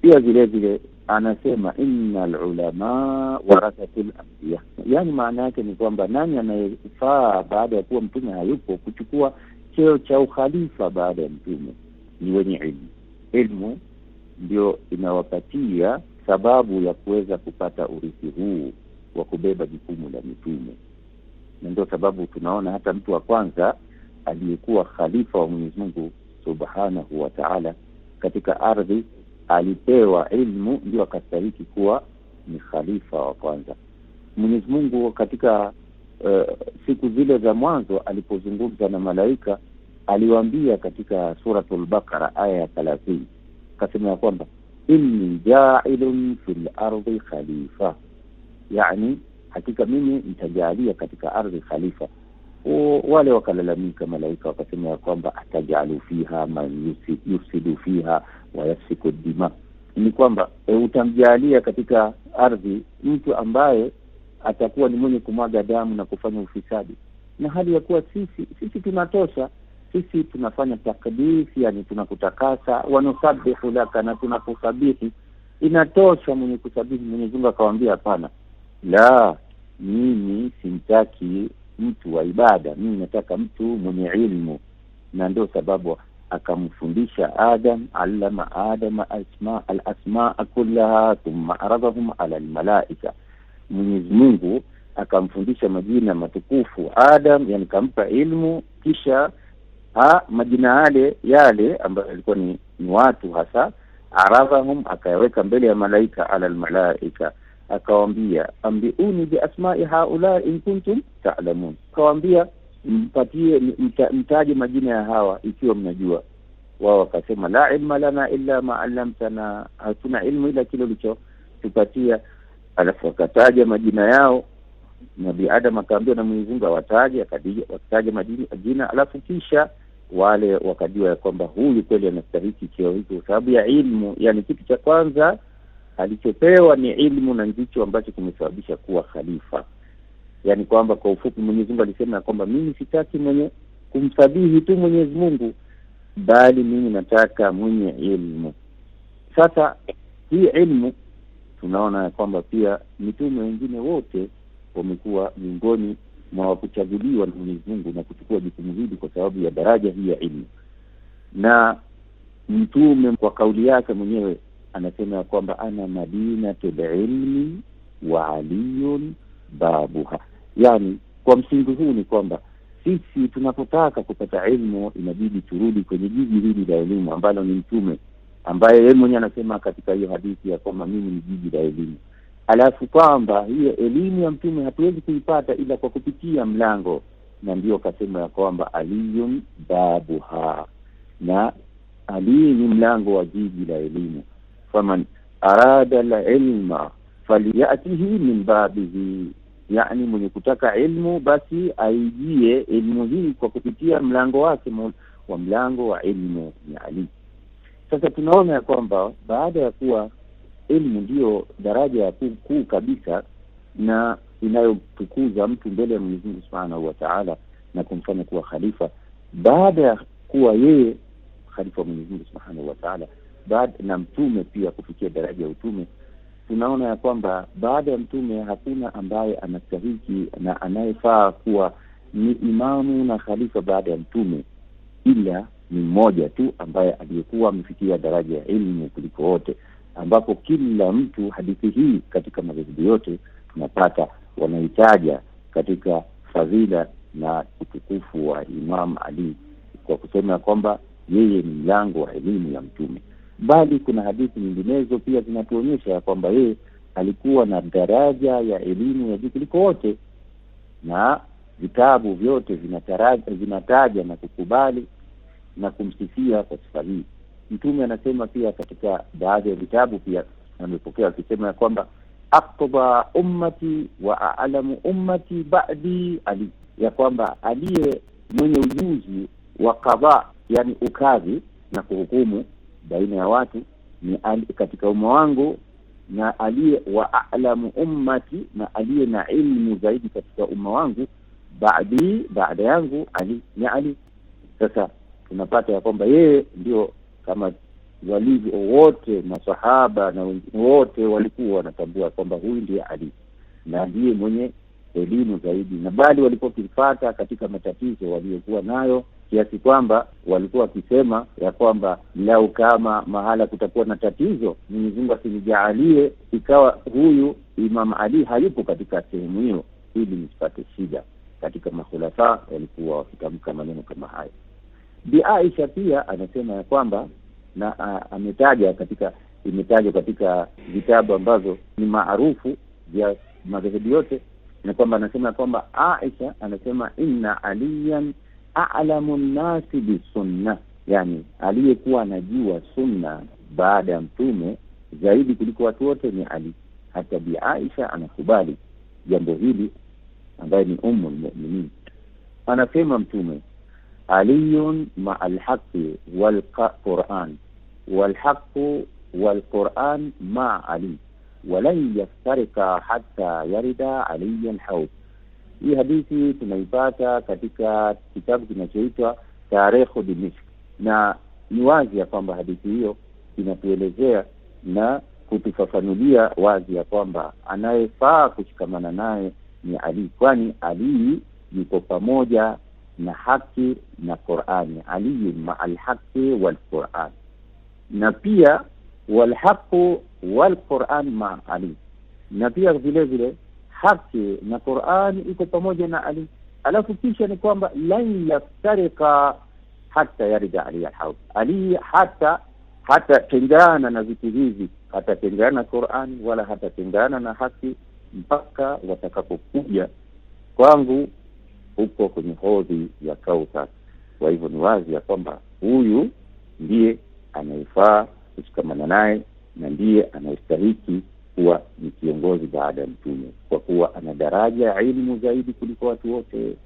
Pia vilevile anasema inna alulama warathatu lambia yaani maana yake ni kwamba nani anayefaa baada ya kuwa mtume hayupo kuchukua cheo cha ukhalifa baada ya mtume? Ni wenye ilmu. Ilmu ndio inawapatia sababu ya kuweza kupata urithi huu wa kubeba jukumu la mitume, na ndio sababu tunaona hata mtu wa kwanza aliyekuwa khalifa wa Mwenyezi Mungu subhanahu wa taala katika ardhi alipewa ilmu ndio akastahiki kuwa ni khalifa wa kwanza. Mwenyezi Mungu katika uh, siku zile za mwanzo alipozungumza na malaika aliwaambia katika Suratul Bakara aya ya thalathini akasema ya kwamba inni jailun fil ardi khalifa, yani hakika mimi nitajaalia katika ardhi khalifa. O, wale wakalalamika malaika wakasema ya kwamba atajalu fiha man yusidu fiha wayasfiku dima, ni kwamba e, utamjaalia katika ardhi mtu ambaye atakuwa ni mwenye kumwaga damu na kufanya ufisadi, na hali ya kuwa sisi sisi tunatosha sisi tunafanya takdis, yani tunakutakasa, wanusabihu laka, na tunakusabihi inatosha. Mwenye kusabihi Mwenyezi Mungu akawambia, hapana, la, mimi simtaki mtu wa ibada, mimi nataka mtu mwenye ilmu, na ndio sababu akamfundisha Adam, allama Adama alasmaa kullaha thumma aradhahum ala almalaika, Mwenyezi Mungu akamfundisha majina matukufu Adam, yani kampa ilmu kisha ha, majina yale yale ambayo yalikuwa ni, ni watu hasa aradhahum akayaweka mbele ya malaika ala almalaika akawambia ambiuni biasmai haulai in kuntum ta'lamun, akawambia mpatie mta, mtaje majina ya hawa ikiwa mnajua. Wao wakasema la ilma lana illa ma allamtana, hatuna ilmu ila kile ulichotupatia. Alafu wakataja majina yao. nabi Adam akaambiwa na Mwenyezi Mungu awataje, wakataja majina, alafu kisha wale wakajua ya kwamba huyu kweli anastahiki cheo hiki kwa sababu ya ilmu. Yani kitu cha kwanza alichopewa ni ilmu, na ndicho ambacho kimesababisha kuwa khalifa yaani kwamba kwa ufupi Mwenyezi Mungu alisema ya kwamba mimi sitaki mwenye kumsabihi tu Mwenyezi Mungu, bali mimi nataka mwenye ilmu. Sasa hii ilmu tunaona ya kwamba pia mitume wengine wote wamekuwa miongoni mwa wakuchaguliwa na Mwenyezi Mungu na kuchukua jukumu hili kwa sababu ya daraja hii ya ilmu. Na mtume kwa kauli yake mwenyewe anasema ya kwamba ana madinatul ilmi wa aliyun babuha, Yani kwa msingi huu ni kwamba sisi tunapotaka kupata elimu inabidi turudi kwenye jiji hili la elimu ambalo ni Mtume, ambaye yeye mwenyewe anasema katika hiyo hadithi ya kwamba mimi ni jiji la elimu, alafu kwamba hiyo elimu ya Mtume hatuwezi kuipata ila kwa kupitia mlango, na ndiyo kasema ya kwamba aliyun babuha, na Ali ni mlango wa jiji la elimu. Faman arada la ilma faliyatihi min babihi yani mwenye kutaka ilmu basi aijie elimu hii kwa kupitia mlango wake wa mlango wa elimu ya Ali. Sasa tunaona ya kwamba baada ya kuwa elimu ndiyo daraja ya kuu kabisa na inayotukuza mtu mbele ya mwenyezimungu Subhanahu wa Ta'ala na kumfanya kuwa khalifa, baada ya kuwa yeye khalifa wa mwenyezimungu Subhanahu wa Ta'ala, na mtume pia kufikia daraja ya utume tunaona ya kwamba baada ya mtume hakuna ambaye anastahiki na anayefaa kuwa ni imamu na khalifa baada ya mtume ila ni mmoja tu ambaye aliyekuwa amefikia daraja ya elimu kuliko wote, ambapo kila mtu, hadithi hii katika madhehebu yote tunapata, wanahitaja katika fadhila na utukufu wa Imam Ali kwa kusema kwamba yeye ni mlango wa elimu ya Mtume bali kuna hadithi nyinginezo pia zinatuonyesha ya kwamba yeye alikuwa na daraja ya elimu ya juu kuliko wote, na vitabu vyote vinataja na kukubali na kumsifia kwa sifa hii. Mtume anasema pia katika baadhi ya vitabu pia amepokea akisema ya kwamba aktaba ummati wa alamu ummati badi Ali, ya kwamba aliye mwenye ujuzi wa kadha, yani ukadhi na kuhukumu baina ya watu ni ali, katika umma wangu na aliye wa alamu ummati na aliye na ilmu zaidi katika umma wangu baadi baada yangu Ali ni Ali. Sasa tunapata ya kwamba yeye ndio kama walivyo wote masahaba na wengine wote walikuwa wanatambua kwamba huyu ndiye Ali na ndiye mwenye elimu zaidi, na bali walipokipata katika matatizo waliokuwa nayo kiasi kwamba walikuwa wakisema ya kwamba lau kama mahala kutakuwa na tatizo, Mwenyezi Mungu asinijaalie ikawa huyu Imam Ali hayupo katika sehemu hiyo, ili nisipate shida. Katika makhulafa walikuwa wakitamka maneno kama hayo. Bi Aisha pia anasema ya kwamba na a, ametaja katika imetajwa katika vitabu ambazo ni maarufu vya madhehebu yote ni kwamba anasema kwamba Aisha anasema inna aliyan a'lamu nnasi bisunna, yani aliyekuwa anajua sunna baada ya mtume zaidi kuliko watu wote ni Ali. Hata bi Aisha anakubali jambo hili, ambaye ni umu lmuminin. Anasema mtume aliyun maa alhaqi walquran walhaqu walquran maa ali walan yastarika hata yarida aliyan haud. Hii hadithi tunaipata katika kitabu kinachoitwa Tarikhu Dimishk, na ni wazi ya kwamba hadithi hiyo inatuelezea na kutufafanulia wazi ya kwamba anayefaa kushikamana naye ni Ali, kwani Ali yuko pamoja na haki na Qurani. Aliyun maa alhaqi walquran, na pia walhaqu walquran maa ali, na pia vile vile haki na Qurani iko pamoja na Ali. Alafu kisha ni kwamba lan yaftarika hata yarja Ali alhaud Ali, hata hatatengana na vitu hivi, hatatengana na Qurani wala hatatengana na haki mpaka watakapokuja kwangu huko kwenye hodhi ya Kauthar. Kwa hivyo ni wazi ya kwamba huyu ndiye anayefaa kushikamana naye na ndiye anayestahiki kuwa ni kiongozi baada ya mtume, kwa kuwa ana daraja ya ilmu zaidi kuliko watu wote,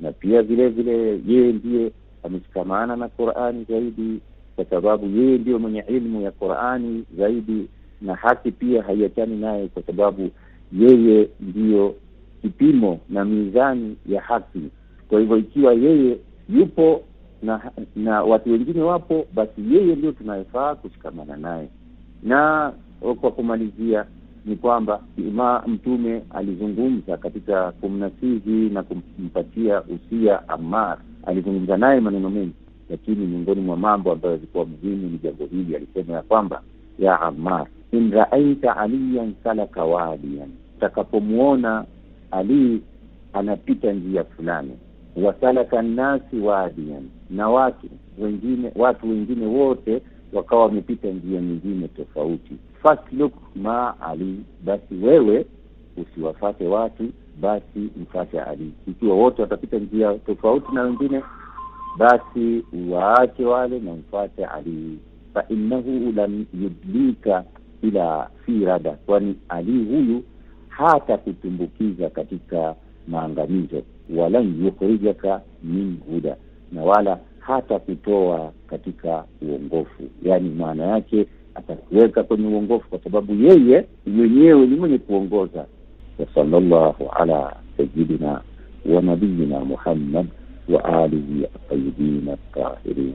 na pia vile vile yeye ndiye ameshikamana na Qurani zaidi, kwa sababu yeye ndiyo mwenye ilmu ya Qurani zaidi, na haki pia haiachani naye, kwa sababu yeye ndiyo kipimo na mizani ya haki. Kwa hivyo ikiwa yeye yupo na na watu wengine wapo, basi yeye ndio tunayefaa kushikamana naye. Na kwa kumalizia ni kwamba ima Mtume alizungumza katika kumnasihi na kumpatia usia Ammar, alizungumza naye maneno mengi, lakini miongoni mwa mambo ambayo yalikuwa muhimu ni jambo hili. Alisema ya kwamba ya Ammar, in raaita aliyan salaka takapomwona utakapomwona Ali anapita njia fulani wasalaka nnasi wadian na watu wengine watu wengine wote wakawa wamepita njia nyingine tofauti. Fasluk ma Ali, basi wewe usiwafate watu, basi mfate Ali. Ikiwa wote watapita njia tofauti na wengine, basi waache wale na mfate Ali. Fa innahu lam yudlika ila fi rada, kwani Ali huyu hata kutumbukiza katika maangamizo walan yukhrijaka min huda, na wala hata kutoa katika uongofu. Yaani maana yake atakuweka kwenye uongofu, kwa sababu yeye mwenyewe ni mwenye kuongoza. sallallahu ala sayyidina wa nabiyina Muhammad wa alihi at-tayyibin at-tahirin.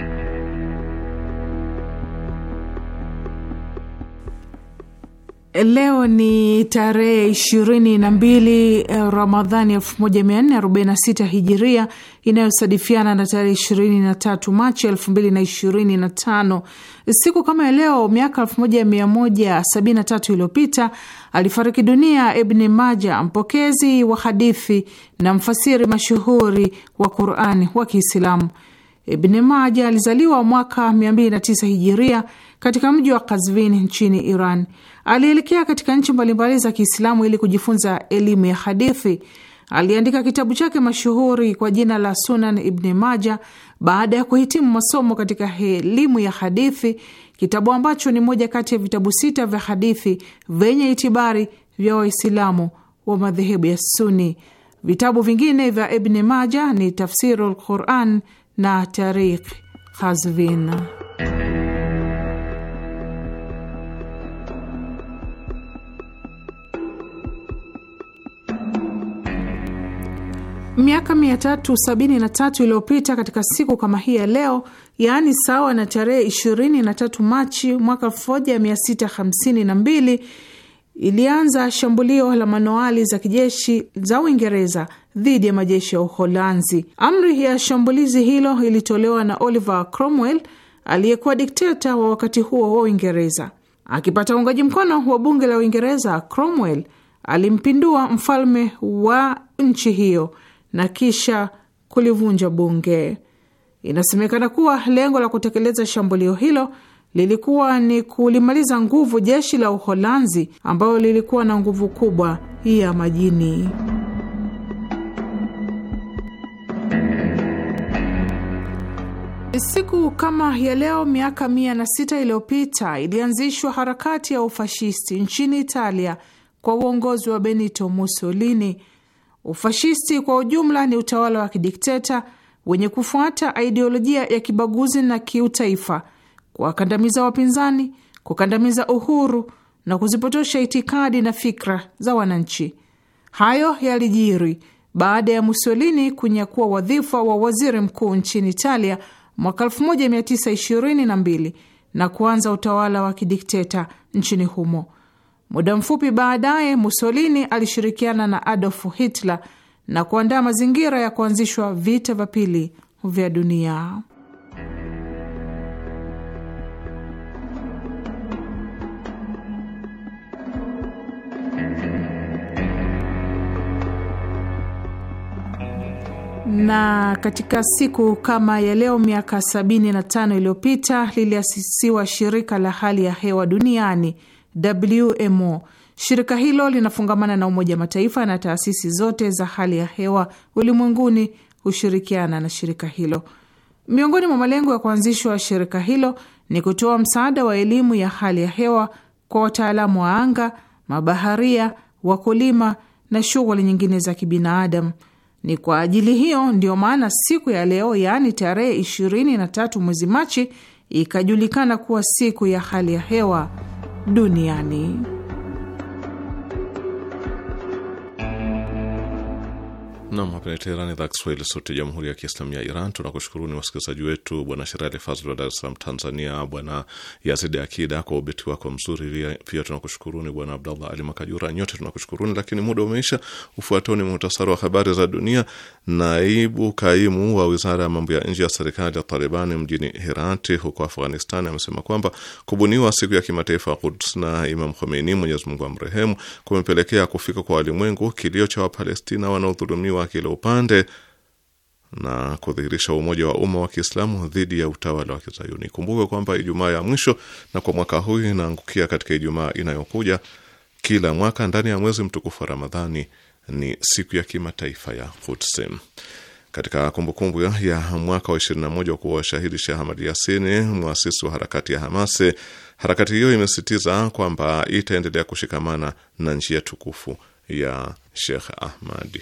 Leo ni tarehe ishirini na mbili eh, Ramadhani 1446 Hijiria, inayosadifiana na tarehe 23 Machi 2025. Siku kama ya leo miaka 1173 iliyopita alifariki dunia Ibni Maja, mpokezi wa hadithi na mfasiri mashuhuri wa Qurani wa Kiislamu. Ibni Maja alizaliwa mwaka 29 Hijiria katika mji wa Kazvin nchini Iran. Alielekea katika nchi mbalimbali za Kiislamu ili kujifunza elimu ya hadithi. Aliandika kitabu chake mashuhuri kwa jina la Sunan Ibni Maja baada ya kuhitimu masomo katika elimu ya hadithi, kitabu ambacho ni moja kati ya vitabu sita vya hadithi vyenye itibari vya Waislamu wa madhehebu ya Suni. Vitabu vingine vya Ibni Maja ni Tafsiru lQuran na Tarikh Kazvin. Miaka 373 iliyopita katika siku kama hii ya leo, yaani sawa na tarehe 23 Machi mwaka 1652 ilianza shambulio la manoali za kijeshi za Uingereza dhidi ya majeshi ya Uholanzi. Amri ya shambulizi hilo ilitolewa na Oliver Cromwell aliyekuwa dikteta wa wakati huo wa Uingereza. Akipata uungaji mkono wa bunge la Uingereza, Cromwell alimpindua mfalme wa nchi hiyo na kisha kulivunja bunge. Inasemekana kuwa lengo la kutekeleza shambulio hilo lilikuwa ni kulimaliza nguvu jeshi la Uholanzi ambalo lilikuwa na nguvu kubwa ya majini. Siku kama ya leo miaka mia na sita iliyopita ilianzishwa harakati ya ufashisti nchini Italia kwa uongozi wa Benito Mussolini Ufashisti kwa ujumla ni utawala wa kidikteta wenye kufuata idiolojia ya kibaguzi na kiutaifa, kuwakandamiza wapinzani, kukandamiza uhuru na kuzipotosha itikadi na fikra za wananchi. Hayo yalijiri baada ya Mussolini kunyakua wadhifa wa waziri mkuu nchini Italia mwaka 1922 na kuanza utawala wa kidikteta nchini humo. Muda mfupi baadaye, Mussolini alishirikiana na Adolf Hitler na kuandaa mazingira ya kuanzishwa vita vya pili vya dunia. na katika siku kama ya leo miaka 75 iliyopita liliasisiwa shirika la hali ya hewa duniani WMO. Shirika hilo linafungamana na Umoja Mataifa na taasisi zote za hali ya hewa ulimwenguni hushirikiana na shirika hilo. Miongoni mwa malengo ya kuanzishwa shirika hilo ni kutoa msaada wa elimu ya hali ya hewa kwa wataalamu wa anga, mabaharia, wakulima na shughuli nyingine za kibinadamu. Ni kwa ajili hiyo ndiyo maana siku ya leo, yaani tarehe 23 mwezi Machi, ikajulikana kuwa siku ya hali ya hewa duniani. Nam, hapa ni Teherani, idhaa Kiswahili, sauti ya jamhuri ya kiislamu ya Iran. Tunakushukuruni wasikilizaji wetu, bwana Sherali Fazl wa Dar es Salaam, Tanzania, bwana Yazidi Akida kwa ubeti wako mzuri. Pia tunakushukuruni bwana Abdallah Ali Makajura. Nyote tunakushukuruni, lakini muda umeisha. Ufuatao ni muhtasari wa habari za dunia. Naibu kaimu wa wizara ya mambo ya nje ya serikali ya Talibani mjini Herati huko Afghanistan amesema kwamba kubuniwa siku ya kimataifa ya Kuds na Imam Khomeini, Mwenyezi Mungu amrehemu, kumepelekea kufika kwa walimwengu kilio cha Wapalestina wanaodhulumiwa wa kila upande na kudhihirisha umoja wa umma wa Kiislamu dhidi ya utawala wa Kizayuni. Kumbuke kwamba Ijumaa ya mwisho na kwa mwaka huu inaangukia katika Ijumaa inayokuja kila mwaka ndani ya mwezi mtukufu wa Ramadhani ni siku ya kimataifa ya Quds. Katika kumbukumbu kumbu ya, ya mwaka wa 21 wa kuwa washahidi Shah Ahmad Yasin, mwasisi wa harakati ya Hamasi, harakati hiyo imesisitiza kwamba itaendelea kushikamana na njia tukufu ya Sheikh Ahmadi